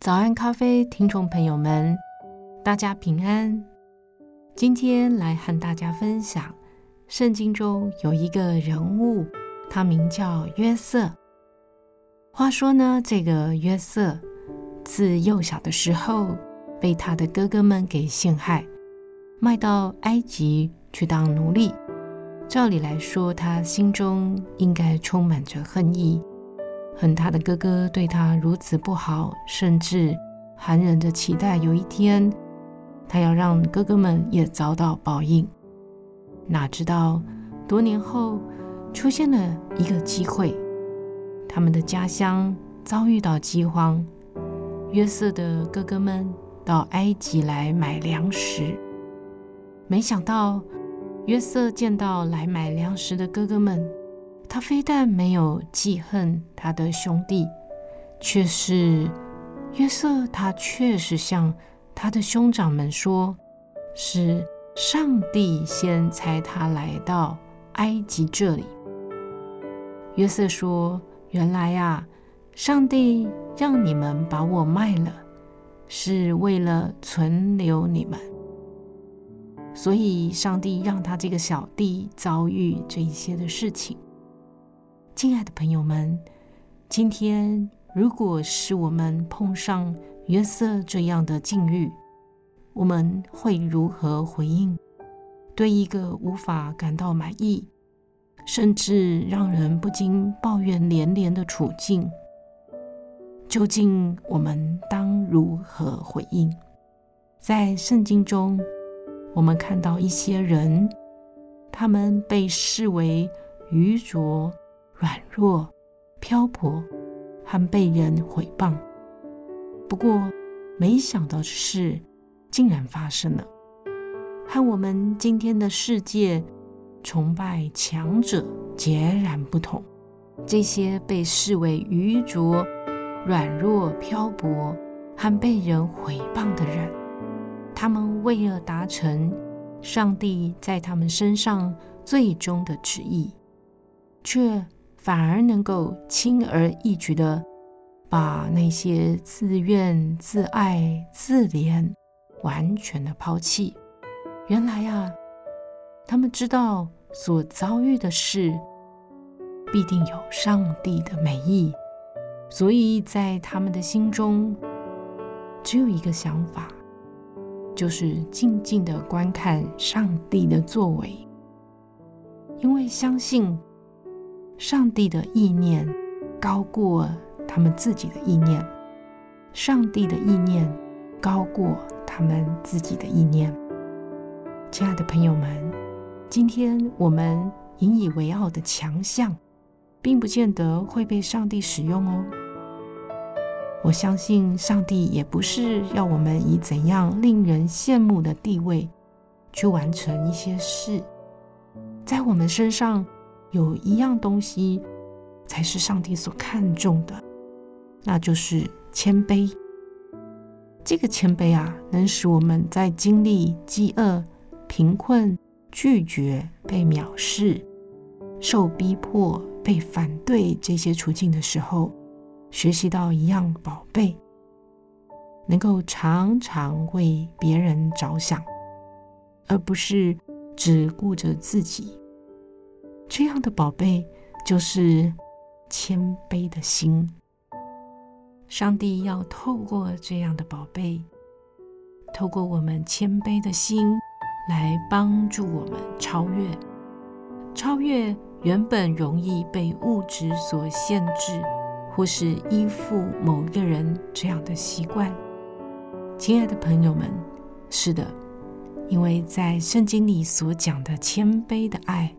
早安咖啡聽眾朋友們，大家平安。今天來和大家分享，聖經中有一個人物，他名叫約瑟。話說呢，這個約瑟自幼小的時候，被他的哥哥們給陷害，賣到埃及去當奴隸。照理來說，他心中應該充滿着恨意。恨他的哥哥對他如此不好，甚至殘忍的期待有一天，他要讓哥哥們也遭到報應。哪知道多年後出現了一個機會，他們的家鄉遭遇到饑荒，約瑟的哥哥們到埃及來買糧食。沒想到約瑟見到來買糧食的哥哥們，他非但沒有記恨他的兄弟，卻是約瑟。他確實向他的兄長們說：“是上帝先差他來到埃及這裡。”約瑟說：“原來呀、啊，上帝讓你們把我賣了，是為了存留你們。所以，上帝讓他這個小弟遭遇這一些的事情。”親愛的朋友們，今天，如果是我們碰上約瑟這樣的境遇，我們會如何回應？對一個無法感到滿意，甚至讓人不禁抱怨連連的處境，究竟我們當如何回應？在聖經中，我們看到一些人，他們被視為愚拙。軟弱、漂泊，和被人毀謗。不過，沒想到的事竟然發生了。和我們今天的世界崇拜強者截然不同，這些被視為愚拙、軟弱、漂泊和被人毀謗的人，他們為了達成上帝在他們身上最終的旨意，卻，反而能夠輕而易舉的把那些自怨、自艾、自憐完全的拋棄。原來啊，他們知道所遭遇的事必定有上帝的美意，所以在他們的心中只有一個想法，就是靜靜的觀看上帝的作為，因為相信。上帝的意念高過他們自己的意念，上帝的意念高過他們自己的意念。親愛的朋友們，今天我們引以為傲的強項，並不見得會被上帝使用哦。我相信上帝也不是要我們以怎樣令人羨慕的地位去完成一些事，在我們身上。有一樣東西才是上帝所看重的，那就是謙卑。這個謙卑啊，能使我們在經歷飢餓、貧困、拒絕、被藐視、受逼迫、被反對這些處境的時候，學習到一樣寶貝，能夠常常為別人着想，而不是只顧着自己。這樣的寶貝就是謙卑的心。上帝要透過這樣的寶貝，透過我們謙卑的心，來幫助我們超越，超越原本容易被物質所限制，或是依附某一個人這樣的習慣。親愛的朋友們，是的，因為在聖經裡所講的謙卑的愛。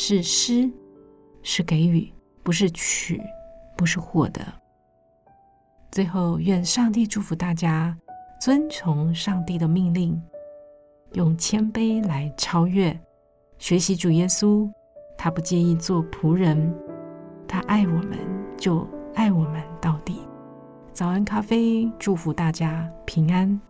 是施，是給予，不是取，不是獲得。最後，願上帝祝福大家，遵從上帝的命令，用謙卑來超越，學習主耶穌，他不介意做僕人，他愛我們就愛我們到底。早安咖啡，祝福大家平安。